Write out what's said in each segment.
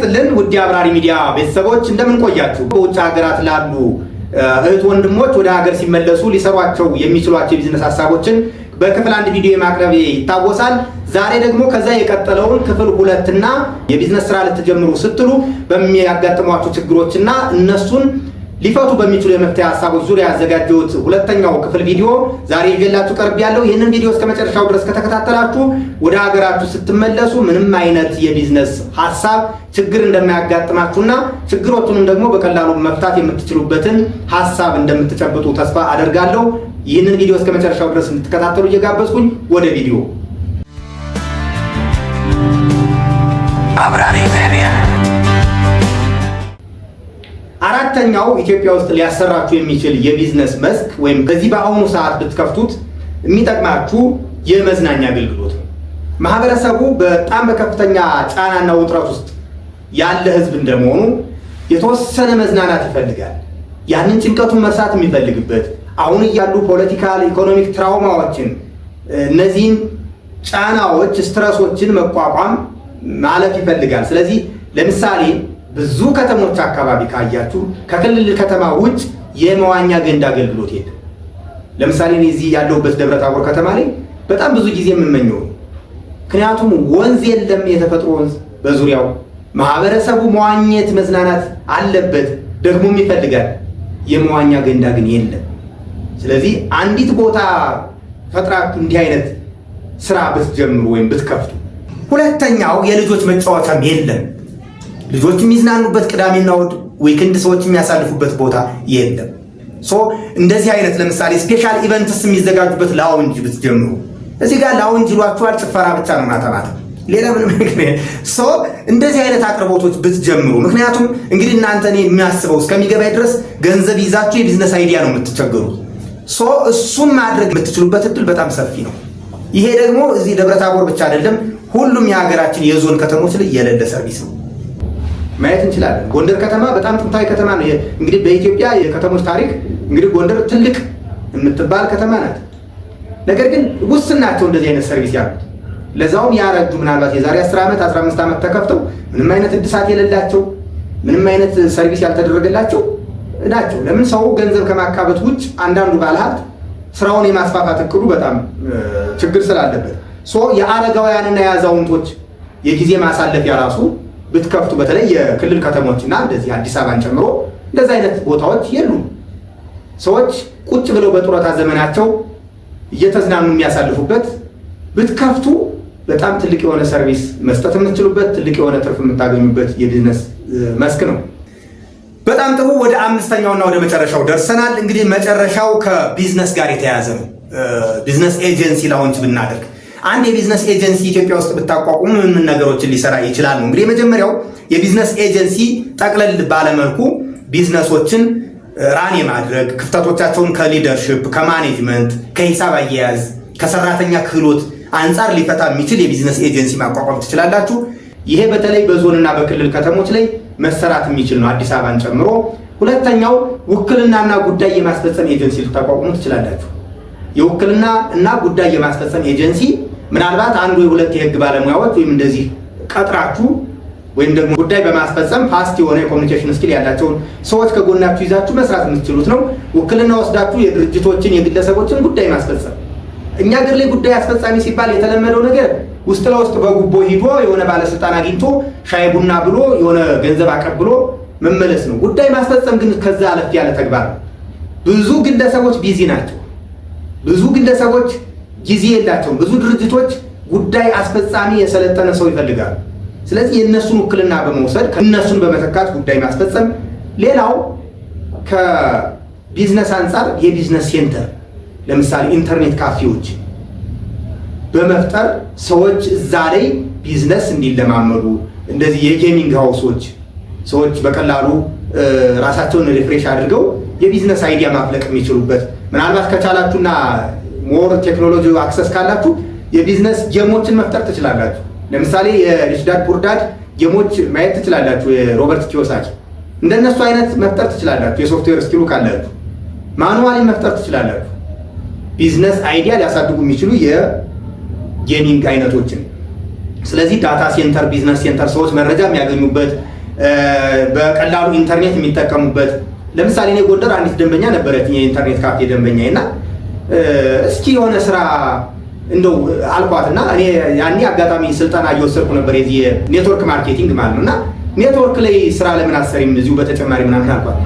ይስጥልን ውድ አብራሪ ሚዲያ ቤተሰቦች እንደምን ቆያችሁ? በውጭ ሀገራት ላሉ እህት ወንድሞች ወደ ሀገር ሲመለሱ ሊሰሯቸው የሚችሏቸው የቢዝነስ ሀሳቦችን በክፍል አንድ ቪዲዮ የማቅረብ ይታወሳል። ዛሬ ደግሞ ከዛ የቀጠለውን ክፍል ሁለትና የቢዝነስ ስራ ልትጀምሩ ስትሉ በሚያጋጥሟቸው ችግሮችና እነሱን ሊፈቱ በሚችሉ የመፍትሄ ሀሳቦች ዙሪያ ያዘጋጀሁት ሁለተኛው ክፍል ቪዲዮ ዛሬ ይዤላችሁ ቀርብ ያለው። ይህንን ቪዲዮ እስከ መጨረሻው ድረስ ከተከታተላችሁ ወደ ሀገራችሁ ስትመለሱ ምንም አይነት የቢዝነስ ሀሳብ ችግር እንደማያጋጥማችሁና ችግሮቹንም ደግሞ በቀላሉ መፍታት የምትችሉበትን ሀሳብ እንደምትጨብጡ ተስፋ አደርጋለሁ። ይህንን ቪዲዮ እስከ መጨረሻው ድረስ እንድትከታተሉ እየጋበዝኩኝ ወደ ቪዲዮ አብራሪ አራተኛው ኢትዮጵያ ውስጥ ሊያሰራችሁ የሚችል የቢዝነስ መስክ ወይም በዚህ በአሁኑ ሰዓት ብትከፍቱት የሚጠቅማችሁ የመዝናኛ አገልግሎት ነው። ማህበረሰቡ በጣም በከፍተኛ ጫናና ውጥረት ውስጥ ያለ ህዝብ እንደመሆኑ የተወሰነ መዝናናት ይፈልጋል። ያንን ጭንቀቱን መርሳት የሚፈልግበት አሁን እያሉ ፖለቲካል፣ ኢኮኖሚክ ትራውማዎችን እነዚህን ጫናዎች፣ ስትረሶችን መቋቋም ማለፍ ይፈልጋል። ስለዚህ ለምሳሌ ብዙ ከተሞች አካባቢ ካያችሁ ከክልል ከተማ ውጭ የመዋኛ ገንዳ አገልግሎት የለም። ለምሳሌ እኔ እዚህ ያለሁበት ደብረ ታቦር ከተማ ላይ በጣም ብዙ ጊዜ የምመኘው ምክንያቱም ወንዝ የለም፣ የተፈጥሮ ወንዝ በዙሪያው ማህበረሰቡ መዋኘት መዝናናት አለበት፣ ደግሞም ይፈልጋል። የመዋኛ ገንዳ ግን የለም። ስለዚህ አንዲት ቦታ ፈጥራ እንዲህ አይነት ስራ ብትጀምሩ ወይም ብትከፍቱ፣ ሁለተኛው የልጆች መጫወቻም የለም። ልጆች የሚዝናኑበት ቅዳሜና እሑድ ዊክንድ ሰዎች የሚያሳልፉበት ቦታ የለም። ሶ እንደዚህ አይነት ለምሳሌ ስፔሻል ኢቨንትስ የሚዘጋጁበት ላውንጅ ብትጀምሩ እዚህ ጋር ላውንጅ ይሏችኋል። ጭፈራ ብቻ ነው ማተማት ሌላ ምንም ነገር ሶ እንደዚህ አይነት አቅርቦቶች ብትጀምሩ። ምክንያቱም እንግዲህ እናንተ እኔ የሚያስበው እስከሚገባይ ድረስ ገንዘብ ይዛችሁ የቢዝነስ አይዲያ ነው የምትቸገሩት። ሶ እሱም ማድረግ የምትችሉበት እድል በጣም ሰፊ ነው። ይሄ ደግሞ እዚህ ደብረ ታቦር ብቻ አይደለም፣ ሁሉም የሀገራችን የዞን ከተሞች ላይ የሌለ ሰርቪስ ነው። ማየት እንችላለን። ጎንደር ከተማ በጣም ጥንታዊ ከተማ ነው። እንግዲህ በኢትዮጵያ የከተሞች ታሪክ እንግዲህ ጎንደር ትልቅ የምትባል ከተማ ናት። ነገር ግን ውስን ናቸው እንደዚህ አይነት ሰርቪስ ያሉት ለዛውም ያረጁ ምናልባት የዛሬ 10 ዓመት 15 ዓመት ተከፍተው ምንም አይነት እድሳት የሌላቸው ምንም አይነት ሰርቪስ ያልተደረገላቸው ናቸው። ለምን ሰው ገንዘብ ከማካበት ውጭ አንዳንዱ ባለሀብት ስራውን የማስፋፋት እቅዱ በጣም ችግር ስላለበት ሶ የአረጋውያንና የአዛውንቶች የጊዜ ማሳለፊያ ራሱ ብትከፍቱ በተለይ የክልል እና እንደዚህ አዲስ አበባን ጨምሮ እንደዚህ አይነት ቦታዎች የሉም። ሰዎች ቁጭ ብለው በጡረታ ዘመናቸው እየተዝናኑ የሚያሳልፉበት ብትከፍቱ በጣም ትልቅ የሆነ ሰርቪስ መስጠት የምትችሉበት ትልቅ የሆነ ትርፍ የምታገኙበት የቢዝነስ መስክ ነው። በጣም ጥሩ። ወደ አምስተኛውና ወደ መጨረሻው ደርሰናል። እንግዲህ መጨረሻው ከቢዝነስ ጋር የተያያዘ ነው። ቢዝነስ ኤጀንሲ ላውንች ብናደርግ አንድ የቢዝነስ ኤጀንሲ ኢትዮጵያ ውስጥ ብታቋቁሙ ምን ነገሮችን ሊሰራ ይችላል ነው። እንግዲህ የመጀመሪያው የቢዝነስ ኤጀንሲ ጠቅለል ባለመልኩ ቢዝነሶችን ራን የማድረግ ክፍተቶቻቸውን ከሊደርሽፕ፣ ከማኔጅመንት፣ ከሂሳብ አያያዝ፣ ከሰራተኛ ክህሎት አንጻር ሊፈታ የሚችል የቢዝነስ ኤጀንሲ ማቋቋም ትችላላችሁ። ይሄ በተለይ በዞንና በክልል ከተሞች ላይ መሰራት የሚችል ነው፣ አዲስ አበባን ጨምሮ። ሁለተኛው ውክልናና ጉዳይ የማስፈጸም ኤጀንሲ ልታቋቁሙ ትችላላችሁ። የውክልና እና ጉዳይ የማስፈጸም ኤጀንሲ ምናልባት አንዱ የሁለት የህግ ባለሙያዎች ወይም እንደዚህ ቀጥራችሁ ወይም ደግሞ ጉዳይ በማስፈጸም ፋስት የሆነ የኮሚኒኬሽን ስኪል ያላቸውን ሰዎች ከጎናችሁ ይዛችሁ መስራት የምትችሉት ነው። ውክልና ወስዳችሁ የድርጅቶችን የግለሰቦችን ጉዳይ ማስፈጸም። እኛ ሀገር ላይ ጉዳይ አስፈጻሚ ሲባል የተለመደው ነገር ውስጥ ለውስጥ በጉቦ ሂዶ የሆነ ባለስልጣን አግኝቶ ሻይ ቡና ብሎ የሆነ ገንዘብ አቀብሎ መመለስ ነው። ጉዳይ ማስፈጸም ግን ከዛ አለፍ ያለ ተግባር ነው። ብዙ ግለሰቦች ቢዚ ናቸው። ብዙ ግለሰቦች ጊዜ የላቸውም። ብዙ ድርጅቶች ጉዳይ አስፈጻሚ የሰለጠነ ሰው ይፈልጋሉ። ስለዚህ የእነሱን ውክልና በመውሰድ እነሱን በመተካት ጉዳይ ማስፈጸም። ሌላው ከቢዝነስ አንጻር የቢዝነስ ሴንተር ለምሳሌ ኢንተርኔት ካፌዎች በመፍጠር ሰዎች እዛ ላይ ቢዝነስ እንዲለማመዱ፣ እንደዚህ የጌሚንግ ሃውሶች ሰዎች በቀላሉ ራሳቸውን ሪፍሬሽ አድርገው የቢዝነስ አይዲያ ማፍለቅ የሚችሉበት ምናልባት ከቻላችሁና ሞር ቴክኖሎጂ አክሰስ ካላችሁ የቢዝነስ ጌሞችን መፍጠር ትችላላችሁ። ለምሳሌ የሪች ቡርዳድ ፑር ጌሞች ማየት ትችላላችሁ። የሮበርት ኪዮሳኪ እንደነሱ አይነት መፍጠር ትችላላችሁ። የሶፍትዌር ስኪሉ ካላችሁ ማኑዋሊ መፍጠር ትችላላችሁ። ቢዝነስ አይዲያ ሊያሳድጉ የሚችሉ የጌሚንግ አይነቶችን። ስለዚህ ዳታ ሴንተር፣ ቢዝነስ ሴንተር ሰዎች መረጃ የሚያገኙበት በቀላሉ ኢንተርኔት የሚጠቀሙበት ለምሳሌ እኔ ጎንደር አንዲት ደንበኛ ነበረት የኢንተርኔት ካፌ ደንበኛ እና እስኪ የሆነ ስራ እንደው አልኳት እና እኔ ያኔ አጋጣሚ ስልጠና እየወሰድኩ ነበር የዚህ ኔትወርክ ማርኬቲንግ ማለት ነው እና ኔትወርክ ላይ ስራ ለምን አሰሪም እዚሁ በተጨማሪ ምናምን አልኳት።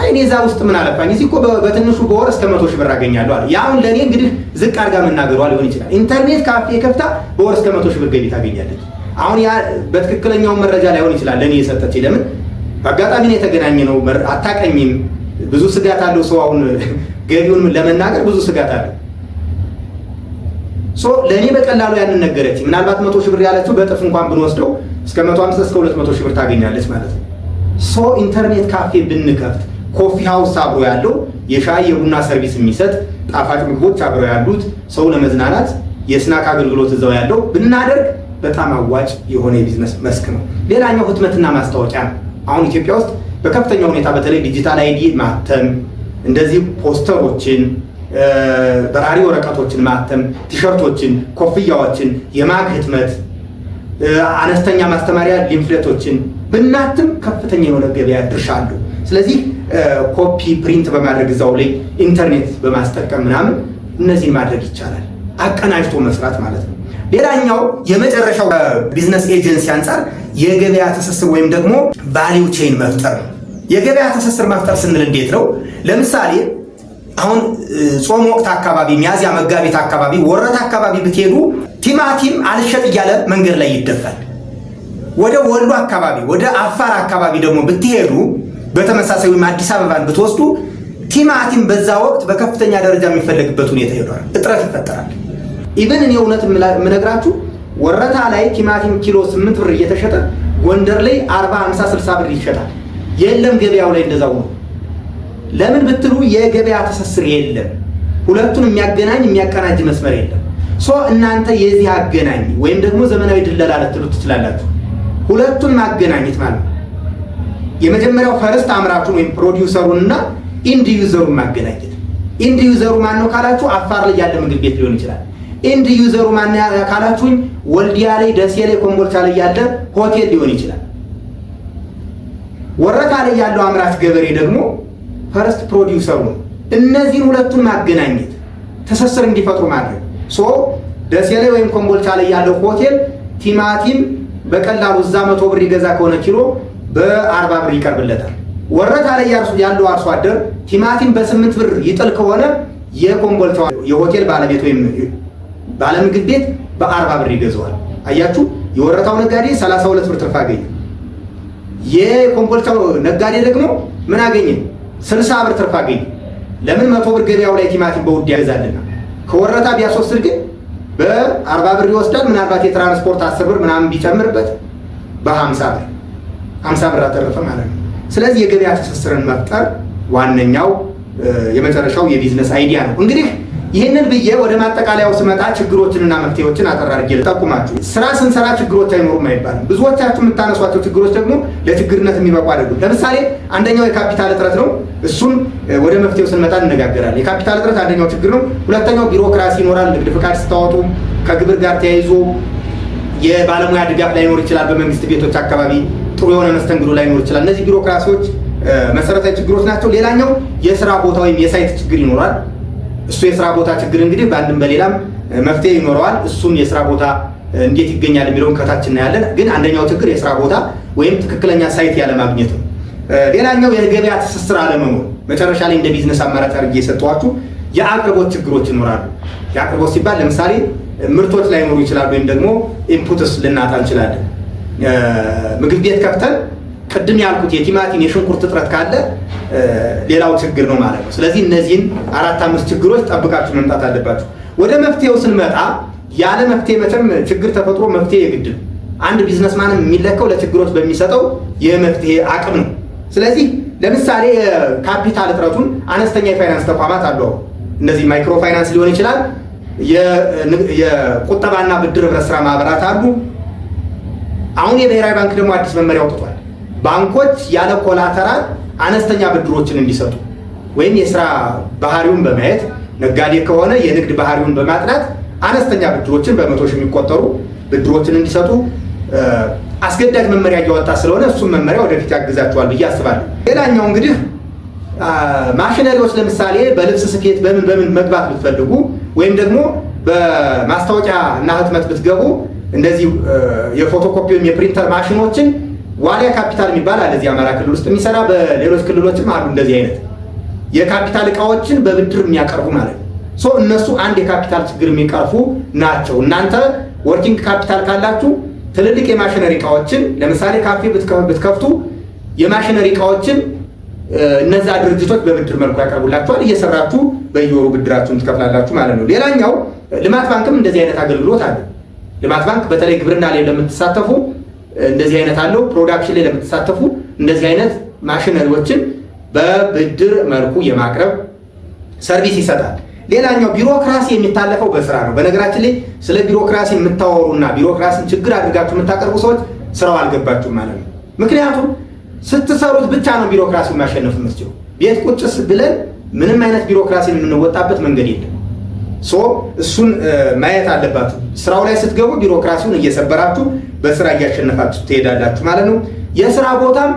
አይ እኔ እዛ ውስጥ ምን አለፋኝ እዚህ እኮ በትንሹ በወር እስከ መቶ ሺህ ብር አገኛለሁ አለ። ያሁን ለእኔ እንግዲህ ዝቅ አድርጋ መናገሯ ሊሆን ይችላል። ኢንተርኔት ካፌ ከፍታ በወር እስከ መቶ ሺህ ብር ገቢ ታገኛለች። አሁን ያ በትክክለኛውን መረጃ ላይሆን ይችላል ለእኔ የሰጠች ለምን በአጋጣሚ ነው የተገናኘ ነው። አታቀኝም። ብዙ ስጋት አለው ሰው አሁን ገቢውን ለመናገር ብዙ ስጋት አለው። ሶ ለእኔ በቀላሉ ያንን ነገረች። ምናልባት መቶ ሺህ ብር ያለችው በጥፍ እንኳን ብንወስደው እስከ መቶ አምሳ እስከ ሁለት መቶ ሺህ ብር ታገኛለች ማለት ነው። ሶ ኢንተርኔት ካፌ ብንከፍት ኮፊ ሀውስ አብሮ ያለው የሻይ የቡና ሰርቪስ የሚሰጥ ጣፋጭ ምግቦች አብረው ያሉት ሰው ለመዝናናት የስናክ አገልግሎት እዛው ያለው ብናደርግ በጣም አዋጭ የሆነ የቢዝነስ መስክ ነው። ሌላኛው ህትመትና ማስታወቂያ ነው። አሁን ኢትዮጵያ ውስጥ በከፍተኛ ሁኔታ በተለይ ዲጂታል አይዲ ማተም፣ እንደዚህ ፖስተሮችን፣ በራሪ ወረቀቶችን ማተም፣ ቲሸርቶችን፣ ኮፍያዎችን፣ የማግ ህትመት፣ አነስተኛ ማስተማሪያ ሊንፍሌቶችን ብናትም ከፍተኛ የሆነ ገበያ ድርሻ አሉ። ስለዚህ ኮፒ ፕሪንት በማድረግ እዛው ላይ ኢንተርኔት በማስጠቀም ምናምን እነዚህን ማድረግ ይቻላል። አቀናጅቶ መስራት ማለት ነው። ሌላኛው የመጨረሻው ቢዝነስ ኤጀንሲ አንጻር የገበያ ትስስር ወይም ደግሞ ቫሊዩ ቼን መፍጠር ነው። የገበያ ትስስር መፍጠር ስንል እንዴት ነው? ለምሳሌ አሁን ጾም ወቅት አካባቢ ሚያዝያ፣ መጋቢት አካባቢ ወረት አካባቢ ብትሄዱ ቲማቲም አልሸጥ እያለ መንገድ ላይ ይደፋል። ወደ ወሎ አካባቢ ወደ አፋር አካባቢ ደግሞ ብትሄዱ በተመሳሳይ ወይም አዲስ አበባን ብትወስዱ ቲማቲም በዛ ወቅት በከፍተኛ ደረጃ የሚፈለግበት ሁኔታ ሄዷል። እጥረት ይፈጠራል። ኢቨን እኔ እውነት የምነግራችሁ ወረታ ላይ ቲማቲም ኪሎ ስምንት ብር እየተሸጠ ጎንደር ላይ አርባ ሃምሳ ስልሳ ብር ይሸጣል። የለም ገበያው ላይ እንደዛው ነው። ለምን ብትሉ የገበያ ትስስር የለም። ሁለቱን የሚያገናኝ የሚያቀናጅ መስመር የለም። ሶ እናንተ የዚህ አገናኝ ወይም ደግሞ ዘመናዊ ድለላ ልትሉ ትችላላችሁ። ሁለቱን ማገናኘት ማለት ነው። የመጀመሪያው ፈርስት አምራቹን ወይም ፕሮዲውሰሩን እና ኢንዲዩዘሩን ማገናኘት። ኢንዲዩዘሩ ማን ነው ካላችሁ፣ አፋር ላይ ያለ ምግብ ቤት ሊሆን ይችላል ኢንድ ዩዘሩ ማን ካላችሁኝ ወልዲያ ላይ፣ ደሴ ላይ፣ ኮምቦልቻ ላይ ያለ ሆቴል ሊሆን ይችላል። ወረታ ላይ ያለው አምራች ገበሬ ደግሞ ፈርስት ፕሮዲውሰሩ ነው። እነዚህን ሁለቱን ማገናኘት ትስስር እንዲፈጥሩ ማድረግ ሶ ደሴ ላይ ወይም ኮምቦልቻ ላይ ያለው ሆቴል ቲማቲም በቀላሉ እዛ መቶ ብር ይገዛ ከሆነ ኪሎ በአርባ ብር ይቀርብለታል። ወረታ ላይ ያለው አርሶ አደር ቲማቲም በስምንት ብር ይጥል ከሆነ የኮምቦልቻ የሆቴል ባለቤት ወይም ባለምግብ ቤት በአርባ ብር ይገዘዋል። አያችሁ የወረታው ነጋዴ 32 ብር ትርፍ አገኘ። የኮምቦልቻው ነጋዴ ደግሞ ምን አገኘ? 60 ብር ትርፍ አገኘ። ለምን መቶ ብር ገበያው ላይ ቲማቲም በውድ ያገዛልና ከወረታ ቢያስወስድ ግን በአርባ ብር ይወስዳል። ምናልባት የትራንስፖርት አስር ብር ምናምን ቢጨምርበት በሀምሳ ብር ሀምሳ ብር አተረፈ ማለት ነው። ስለዚህ የገበያ ትስስርን መፍጠር ዋነኛው የመጨረሻው የቢዝነስ አይዲያ ነው እንግዲህ ይህንን ብዬ ወደ ማጠቃለያው ስመጣ ችግሮችንና መፍትሄዎችን አጠራርጌ ልጠቁማችሁ። ስራ ስንሰራ ችግሮች አይኖሩም አይባልም። ብዙዎቻችሁ የምታነሷቸው ችግሮች ደግሞ ለችግርነት የሚበቁ አይደሉም። ለምሳሌ አንደኛው የካፒታል እጥረት ነው። እሱም ወደ መፍትሄው ስንመጣ እንነጋገራለን። የካፒታል እጥረት አንደኛው ችግር ነው። ሁለተኛው ቢሮክራሲ ይኖራል። ንግድ ፍቃድ ስታወጡ ከግብር ጋር ተያይዞ የባለሙያ ድጋፍ ላይኖር ይችላል። በመንግስት ቤቶች አካባቢ ጥሩ የሆነ መስተንግዶ ላይኖር ይችላል። እነዚህ ቢሮክራሲዎች መሰረታዊ ችግሮች ናቸው። ሌላኛው የስራ ቦታ ወይም የሳይት ችግር ይኖራል። እሱ የስራ ቦታ ችግር እንግዲህ በአንድም በሌላም መፍትሄ ይኖረዋል። እሱን የስራ ቦታ እንዴት ይገኛል የሚለውን ከታች እናያለን። ግን አንደኛው ችግር የስራ ቦታ ወይም ትክክለኛ ሳይት ያለማግኘት ነው። ሌላኛው የገበያ ትስስር አለመኖር፣ መጨረሻ ላይ እንደ ቢዝነስ አማራጭ አድርጌ የሰጠኋችሁ የአቅርቦት ችግሮች ይኖራሉ። የአቅርቦት ሲባል ለምሳሌ ምርቶች ላይኖሩ ይችላሉ፣ ወይም ደግሞ ኢንፑትስ ልናጣ እንችላለን። ምግብ ቤት ከፍተን ቅድም ያልኩት የቲማቲም የሽንኩርት እጥረት ካለ ሌላው ችግር ነው ማለት ነው። ስለዚህ እነዚህን አራት አምስት ችግሮች ጠብቃችሁ መምጣት አለባችሁ። ወደ መፍትሄው ስንመጣ ያለ መፍትሄ መቼም ችግር ተፈጥሮ መፍትሄ የግድ ነው። አንድ ቢዝነስማንም የሚለካው ለችግሮች በሚሰጠው የመፍትሄ አቅም ነው። ስለዚህ ለምሳሌ የካፒታል እጥረቱን አነስተኛ የፋይናንስ ተቋማት አሉ። እነዚህ ማይክሮ ፋይናንስ ሊሆን ይችላል። የቁጠባና ብድር ህብረት ስራ ማህበራት አሉ። አሁን የብሔራዊ ባንክ ደግሞ አዲስ መመሪያ አውጥቷል። ባንኮች ያለ ኮላተራል አነስተኛ ብድሮችን እንዲሰጡ ወይም የስራ ባህሪውን በማየት ነጋዴ ከሆነ የንግድ ባህሪውን በማጥናት አነስተኛ ብድሮችን በመቶ ሺህ የሚቆጠሩ ብድሮችን እንዲሰጡ አስገዳጅ መመሪያ እያወጣ ስለሆነ እሱም መመሪያ ወደፊት ያግዛቸዋል ብዬ አስባለሁ። ሌላኛው እንግዲህ ማሽነሪዎች ለምሳሌ በልብስ ስፌት በምን በምን መግባት ብትፈልጉ ወይም ደግሞ በማስታወቂያ እና ህትመት ብትገቡ እንደዚህ የፎቶኮፒ ወይም የፕሪንተር ማሽኖችን ዋሊያ ካፒታል የሚባል አለ እዚህ አማራ ክልል ውስጥ የሚሰራ በሌሎች ክልሎችም አሉ እንደዚህ አይነት የካፒታል እቃዎችን በብድር የሚያቀርቡ ማለት ነው። ሶ እነሱ አንድ የካፒታል ችግር የሚቀርፉ ናቸው። እናንተ ወርኪንግ ካፒታል ካላችሁ ትልልቅ የማሽነሪ እቃዎችን ለምሳሌ ካፌ ብትከፍቱ የማሽነሪ እቃዎችን እነዛ ድርጅቶች በብድር መልኩ ያቀርቡላችኋል። እየሰራችሁ በየወሩ ብድራችሁን ትከፍላላችሁ ማለት ነው። ሌላኛው ልማት ባንክም እንደዚህ አይነት አገልግሎት አለ። ልማት ባንክ በተለይ ግብርና ላይ ለምትሳተፉ እንደዚህ አይነት አለው። ፕሮዳክሽን ላይ ለምትሳተፉ እንደዚህ አይነት ማሽነሪዎችን በብድር መልኩ የማቅረብ ሰርቪስ ይሰጣል። ሌላኛው ቢሮክራሲ የሚታለፈው በስራ ነው። በነገራችን ላይ ስለ ቢሮክራሲ የምታወሩና ቢሮክራሲን ችግር አድርጋችሁ የምታቀርቡ ሰዎች ስራው አልገባችሁም ማለት ነው። ምክንያቱም ስትሰሩት ብቻ ነው ቢሮክራሲ የሚያሸንፍ የምትችሉ። ቤት ቁጭስ ብለን ምንም አይነት ቢሮክራሲን የምንወጣበት መንገድ የለም። ሶ እሱን ማየት አለባችሁ። ስራው ላይ ስትገቡ ቢሮክራሲውን እየሰበራችሁ በስራ እያሸነፋችሁ ትሄዳላችሁ ማለት ነው። የስራ ቦታም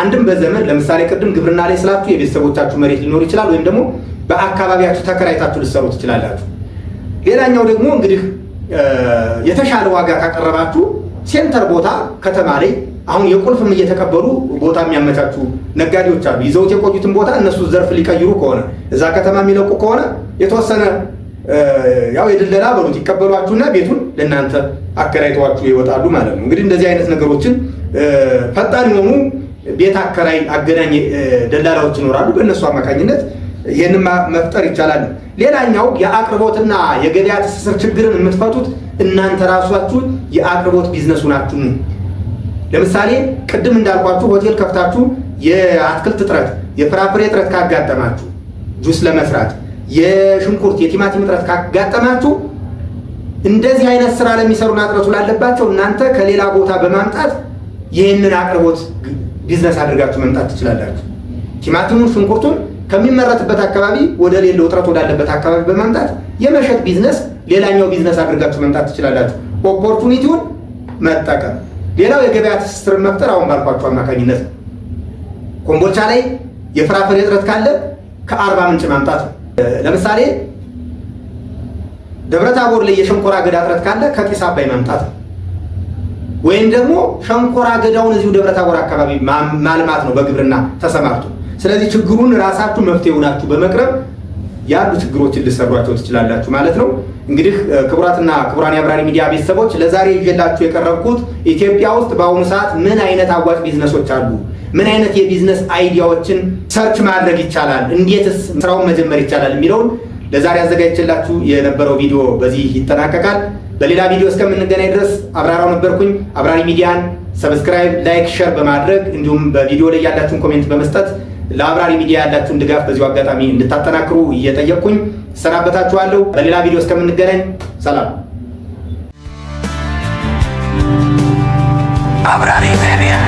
አንድም በዘመን ለምሳሌ ቅድም ግብርና ላይ ስላችሁ የቤተሰቦቻችሁ መሬት ሊኖር ይችላል፣ ወይም ደግሞ በአካባቢያችሁ ተከራይታችሁ ልትሰሩ ትችላላችሁ። ሌላኛው ደግሞ እንግዲህ የተሻለ ዋጋ ካቀረባችሁ ሴንተር ቦታ ከተማ ላይ አሁን የቁልፍም እየተቀበሉ ቦታ የሚያመቻቹ ነጋዴዎች አሉ። ይዘውት የቆዩትን ቦታ እነሱ ዘርፍ ሊቀይሩ ከሆነ እዛ ከተማ የሚለቁ ከሆነ የተወሰነ ያው የድለላ በሉት ይቀበሏችሁና ቤቱን ለእናንተ አከራይተዋችሁ ይወጣሉ ማለት ነው። እንግዲህ እንደዚህ አይነት ነገሮችን ፈጣን የሆኑ ቤት አከራይ አገናኝ ደላላዎች ይኖራሉ። በእነሱ አማካኝነት ይህንን መፍጠር ይቻላል። ሌላኛው የአቅርቦትና የገበያ ትስስር ችግርን የምትፈቱት እናንተ ራሷችሁ የአቅርቦት ቢዝነሱ ናችሁ። ለምሳሌ ቅድም እንዳልኳችሁ ሆቴል ከፍታችሁ የአትክልት እጥረት፣ የፍራፍሬ እጥረት ካጋጠማችሁ ጁስ ለመስራት የሽንኩርት የቲማቲም እጥረት ካጋጠማችሁ እንደዚህ አይነት ስራ ለሚሰሩና እጥረቱ ላለባቸው እናንተ ከሌላ ቦታ በማምጣት ይህንን አቅርቦት ቢዝነስ አድርጋችሁ መምጣት ትችላላችሁ። ቲማቲሙን፣ ሽንኩርቱን ከሚመረትበት አካባቢ ወደ ሌለው እጥረት ወዳለበት አካባቢ በማምጣት የመሸጥ ቢዝነስ ሌላኛው ቢዝነስ አድርጋችሁ መምጣት ትችላላችሁ። ኦፖርቹኒቲውን መጠቀም። ሌላው የገበያ ትስስርን መፍጠር አሁን ባልኳችሁ አማካኝነት ነው። ኮምቦልቻ ላይ የፍራፍሬ እጥረት ካለ ከአርባ ምንጭ ማምጣት ነው። ለምሳሌ ደብረ ታቦር ላይ የሸንኮራ አገዳ እጥረት ካለ ከጢስ አባይ ማምጣት ነው። ወይም ደግሞ ሸንኮራ አገዳውን እዚሁ ደብረ ታቦር አካባቢ ማልማት ነው በግብርና ተሰማርቶ። ስለዚህ ችግሩን ራሳችሁ መፍትሄ ሆናችሁ በመቅረብ ያሉ ችግሮችን ልሰሯቸው ትችላላችሁ ማለት ነው። እንግዲህ ክቡራትና ክቡራን የአብራሪ ሚዲያ ቤተሰቦች ለዛሬ ይዤላችሁ የቀረብኩት ኢትዮጵያ ውስጥ በአሁኑ ሰዓት ምን አይነት አዋጭ ቢዝነሶች አሉ ምን አይነት የቢዝነስ አይዲያዎችን ሰርች ማድረግ ይቻላል፣ እንዴትስ ስራውን መጀመር ይቻላል የሚለውን ለዛሬ አዘጋጅችላችሁ የነበረው ቪዲዮ በዚህ ይጠናቀቃል። በሌላ ቪዲዮ እስከምንገናኝ ድረስ አብራራው ነበርኩኝ። አብራሪ ሚዲያን ሰብስክራይብ፣ ላይክ፣ ሸር በማድረግ እንዲሁም በቪዲዮ ላይ ያላችሁን ኮሜንት በመስጠት ለአብራሪ ሚዲያ ያላችሁን ድጋፍ በዚሁ አጋጣሚ እንድታጠናክሩ እየጠየቅኩኝ እሰናበታችኋለሁ። በሌላ ቪዲዮ እስከምንገናኝ ሰላም። አብራሪ ሚዲያ